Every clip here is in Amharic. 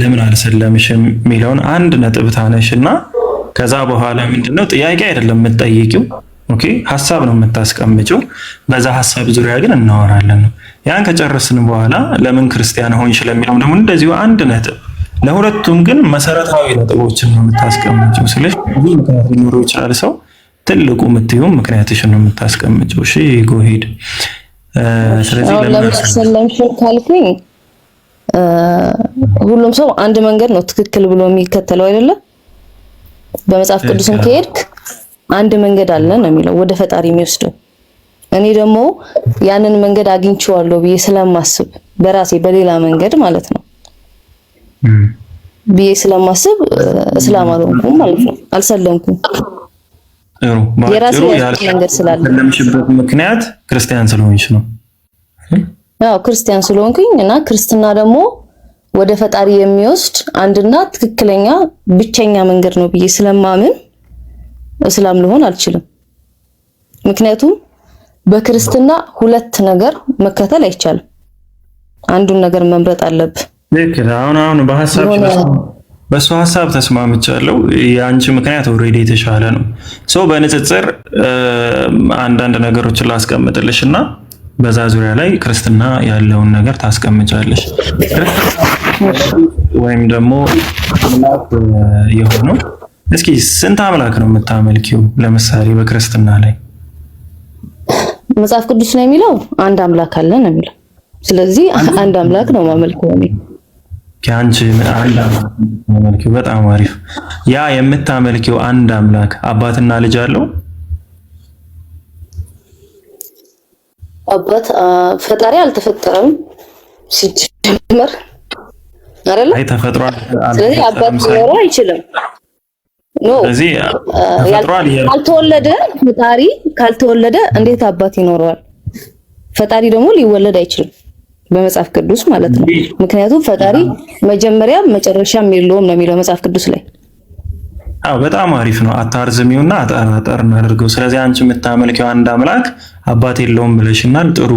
ለምን አልሰለምሽም የሚለውን አንድ ነጥብ እና ከዛ በኋላ ምንድነው ጥያቄ አይደለም የምትጠይቂው፣ ኦኬ ሀሳብ ነው የምታስቀምጪው። በዛ ሀሳብ ዙሪያ ግን እናወራለን ነው። ያን ከጨረስን በኋላ ለምን ክርስቲያን ሆንሽ ለሚለው ደግሞ እንደዚሁ አንድ ነጥብ ለሁለቱም ግን መሰረታዊ ነጥቦችን ነው የምታስቀምጪው። ስለሽ ብዙ ምክንያት ሊኖረው ይችላል። ሰው ትልቁ የምትይው ምክንያትሽን ነው የምታስቀምጪው። እሺ ጎሄድ ስለዚህ ለምን ሰለምሽ ካልኩኝ ሁሉም ሰው አንድ መንገድ ነው ትክክል ብሎ የሚከተለው አይደለም። በመጽሐፍ ቅዱስም ከሄድክ አንድ መንገድ አለ ነው የሚለው ወደ ፈጣሪ የሚወስደው። እኔ ደግሞ ያንን መንገድ አግኝቼዋለሁ ብዬ ስለማስብ በራሴ በሌላ መንገድ ማለት ነው ብዬ ስለማስብ እስላም አልሆንኩም ማለት ነው። አልሰለምኩም። የራሴ መንገድ ስላለ ምክንያት ክርስቲያን ስለሆንሽ ነው። ያው ክርስቲያን ስለሆንኩኝ እና ክርስትና ደግሞ ወደ ፈጣሪ የሚወስድ አንድና ትክክለኛ ብቸኛ መንገድ ነው ብዬ ስለማምን እስላም ልሆን አልችልም። ምክንያቱም በክርስትና ሁለት ነገር መከተል አይቻልም። አንዱን ነገር መምረጥ አለብህ። ልክ አሁን አሁን በሐሳብ በሱ ሐሳብ ተስማምቻለሁ። የአንቺ ምክንያት ኦልሬዲ የተሻለ ነው። ሰው በንጽጽር አንዳንድ ነገሮችን ላስቀምጥልሽ እና በዛ ዙሪያ ላይ ክርስትና ያለውን ነገር ታስቀምጫለሽ። ወይም ደግሞ የሆነው እስኪ ስንት አምላክ ነው የምታመልኪው? ለምሳሌ በክርስትና ላይ መጽሐፍ ቅዱስ ነው የሚለው አንድ አምላክ አለ ነው የሚለው። ስለዚህ አንድ አምላክ ነው ማመልከው ነው አንቺ አንድ አምላክ ነው። በጣም አሪፍ። ያ የምታመልኪው አንድ አምላክ አባትና ልጅ አለው አባት ፈጣሪ አልተፈጠረም ሲጀመር አይደለ? ተፈጥሯል። ስለዚህ አባት ሊኖረው አይችልም። ካልተወለደ ፈጣሪ ካልተወለደ እንዴት አባት ይኖረዋል? ፈጣሪ ደግሞ ሊወለድ አይችልም በመጽሐፍ ቅዱስ ማለት ነው። ምክንያቱም ፈጣሪ መጀመሪያ መጨረሻም የለውም ነው የሚለው መጽሐፍ ቅዱስ ላይ አዎ በጣም አሪፍ ነው። አታርዝሚውና አጠር አጠር እናደርገው። ስለዚህ አንቺ የምታመልኪው አንድ አምላክ አባት የለውም ብለሽናል። ጥሩ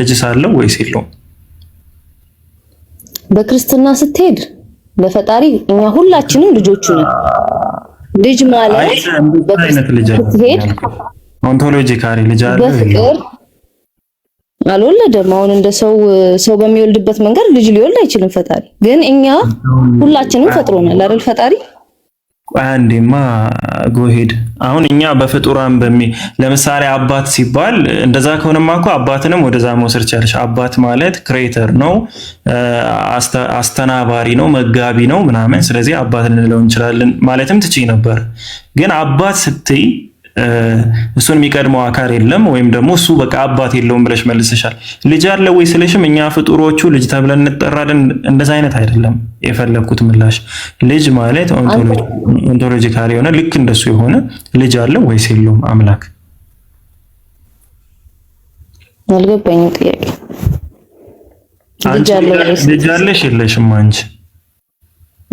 ልጅ ሳለው ወይስ የለውም? በክርስትና ስትሄድ ለፈጣሪ እኛ ሁላችንም ልጆቹ ነን። ልጅ ማለት ስትሄድ ኦንቶሎጂካሊ ልጅ አለ በፍቅር አልወለደም። አሁን እንደ ሰው ሰው በሚወልድበት መንገድ ልጅ ሊወልድ አይችልም ፈጣሪ። ግን እኛ ሁላችንም ፈጥሮናል አይደል ፈጣሪ አንዴማ ጎሄድ አሁን እኛ በፍጡራን በሚ ለምሳሌ አባት ሲባል እንደዛ ከሆነማ እኮ አባትንም ወደዛ መውሰድ ቻለች። አባት ማለት ክሬተር ነው፣ አስተናባሪ ነው፣ መጋቢ ነው ምናምን። ስለዚህ አባት ልንለው እንችላለን ማለትም ትችይ ነበር። ግን አባት ስትይ እሱን የሚቀድመው አካል የለም ወይም ደግሞ እሱ በቃ አባት የለውም ብለሽ መልሰሻል። ልጅ አለ ወይ ስለሽም እኛ ፍጡሮቹ ልጅ ተብለን እንጠራለን። እንደዛ አይነት አይደለም የፈለግኩት ምላሽ። ልጅ ማለት ኦንቶሎጂካል የሆነ ልክ እንደሱ የሆነ ልጅ አለ ወይስ የለውም አምላክ። አልገባኝም ጥያቄ። ልጅ አለሽ የለሽም? አንቺ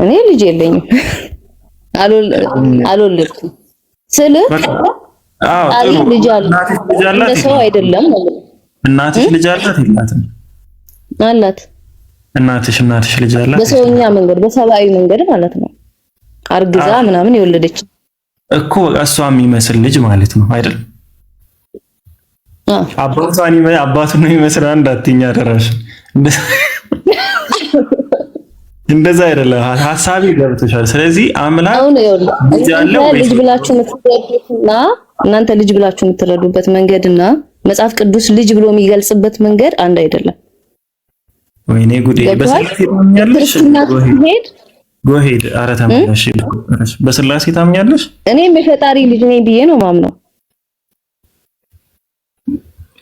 እኔ ልጅ የለኝም፣ አልወለድኩም ስል አሪፍ ልጅ አላት እንደ ሰው አይደለም። እናትሽ ልጅ አላት የላትም? አላት። እናትሽ እናትሽ ልጅ አላት በሰውኛ መንገድ በሰብአዊ መንገድ ማለት ነው። አርግዛ ምናምን የወለደች እኮ እሷ የሚመስል ልጅ ማለት ነው አይደል? አባቷን አባቱን የሚመስል አንድ አትኛ ደራሽ እንደዛ አይደለም ሀሳቢ ገብቶሻል። ስለዚህ አምላክ እናንተ ልጅ ብላችሁ የምትረዱበት መንገድ እና መጽሐፍ ቅዱስ ልጅ ብሎ የሚገልጽበት መንገድ አንድ አይደለም። ወይኔ ጉዴ! ጎሄድ ኧረ ተመለሽ። በስላሴ ታምኛለሽ? እኔም የፈጣሪ ልጅ ነኝ ብዬ ነው ማምነው።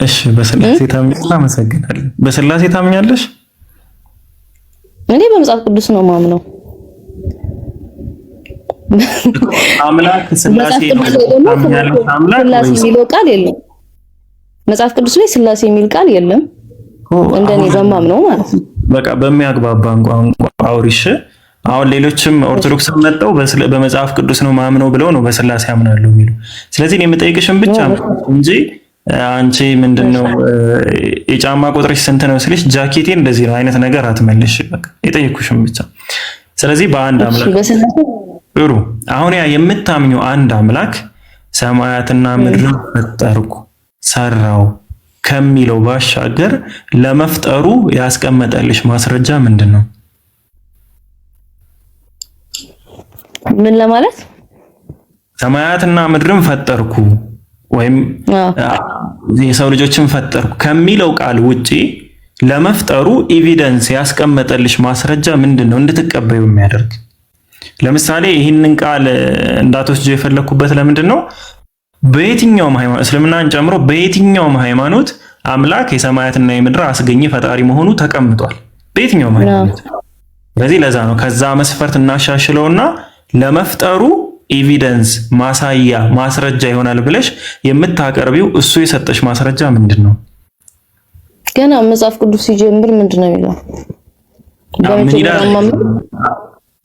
እሺ፣ በስላሴ ታምኛለሽ? አመሰግናለሁ። በስላሴ ታምኛለሽ? እኔ በመጽሐፍ ቅዱስ ነው ማምነው። አምላክ ስላሴ የሚለው ቃል የለም። መጽሐፍ ቅዱስ ላይ ስላሴ የሚል ቃል የለም። እንደኔ በማምነው ማለት ነው። በቃ በሚያግባባ ቋንቋ አውሪሽ። አሁን ሌሎችም ኦርቶዶክስ መጠው በመጽሐፍ ቅዱስ ነው ማምነው ብለው ነው በስላሴ አምናለሁ የሚሉ። ስለዚህ እኔ የምጠይቅሽን ብቻ እንጂ አንቺ ምንድነው የጫማ ቁጥርሽ ስንት ነው ስልሽ ጃኬቴ እንደዚህ ነው አይነት ነገር አትመልሽ። በቃ የጠየኩሽም ብቻ። ስለዚህ በአንድ አምላክ ጥሩ፣ አሁን ያ የምታምኙ አንድ አምላክ ሰማያትና ምድርን ፈጠርኩ ሰራው ከሚለው ባሻገር ለመፍጠሩ ያስቀመጠልሽ ማስረጃ ምንድን ነው? ምን ለማለት ሰማያትና ምድርን ፈጠርኩ ወይም የሰው ልጆችን ፈጠርኩ ከሚለው ቃል ውጪ ለመፍጠሩ ኤቪደንስ ያስቀመጠልሽ ማስረጃ ምንድን ነው እንድትቀበዩ የሚያደርግ ለምሳሌ ይህንን ቃል እንዳትወስጆ የፈለግኩበት ለምንድን ነው? በየትኛውም ሃይማኖት እስልምናን ጨምሮ በየትኛውም ሃይማኖት አምላክ የሰማያትና የምድር አስገኝ ፈጣሪ መሆኑ ተቀምጧል። በየትኛውም ሃይማኖት። ስለዚህ ለዛ ነው ከዛ መስፈርት እናሻሽለውና ለመፍጠሩ ኤቪደንስ ማሳያ ማስረጃ ይሆናል ብለሽ የምታቀርቢው እሱ የሰጠሽ ማስረጃ ምንድን ነው? ገና መጽሐፍ ቅዱስ ሲጀምር ምንድን ነው የሚለው?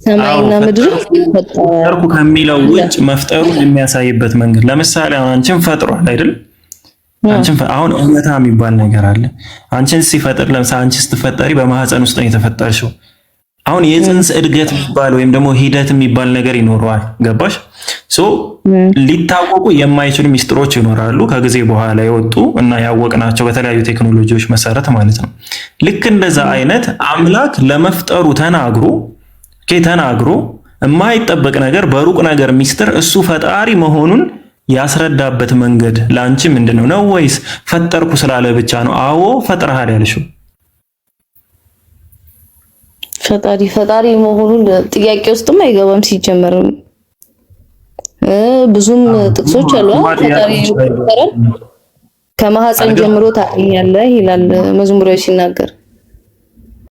ሰማይና ምድር ከሚለው ውጭ መፍጠሩን የሚያሳይበት መንገድ ለምሳሌ አሁን አንቺን ፈጥሯል አይደል? አንቺን አሁን እውነታ የሚባል ነገር አለ። አንቺን ሲፈጥር ለምሳሌ አንቺ ስትፈጠሪ በማህፀን ውስጥ ነው የተፈጠርሽው አሁን የጽንስ እድገት የሚባል ወይም ደግሞ ሂደት የሚባል ነገር ይኖረዋል። ገባሽ? ሶ ሊታወቁ የማይችሉ ሚስጥሮች ይኖራሉ ከጊዜ በኋላ የወጡ እና ያወቅናቸው በተለያዩ ቴክኖሎጂዎች መሰረት ማለት ነው። ልክ እንደዛ አይነት አምላክ ለመፍጠሩ ተናግሮ ተናግሮ የማይጠበቅ ነገር በሩቅ ነገር ሚስጥር እሱ ፈጣሪ መሆኑን ያስረዳበት መንገድ ለአንቺ ምንድን ነው ነው? ወይስ ፈጠርኩ ስላለ ብቻ ነው? አዎ ፈጥረሃል ያልሽው ፈጣሪ ፈጣሪ መሆኑን ጥያቄ ውስጥም አይገባም። ሲጀመርም ብዙም ጥቅሶች አሉ። ፈጣሪ ከማህፀን ጀምሮ ታገኛለህ ይላል መዝሙሪያው ሲናገር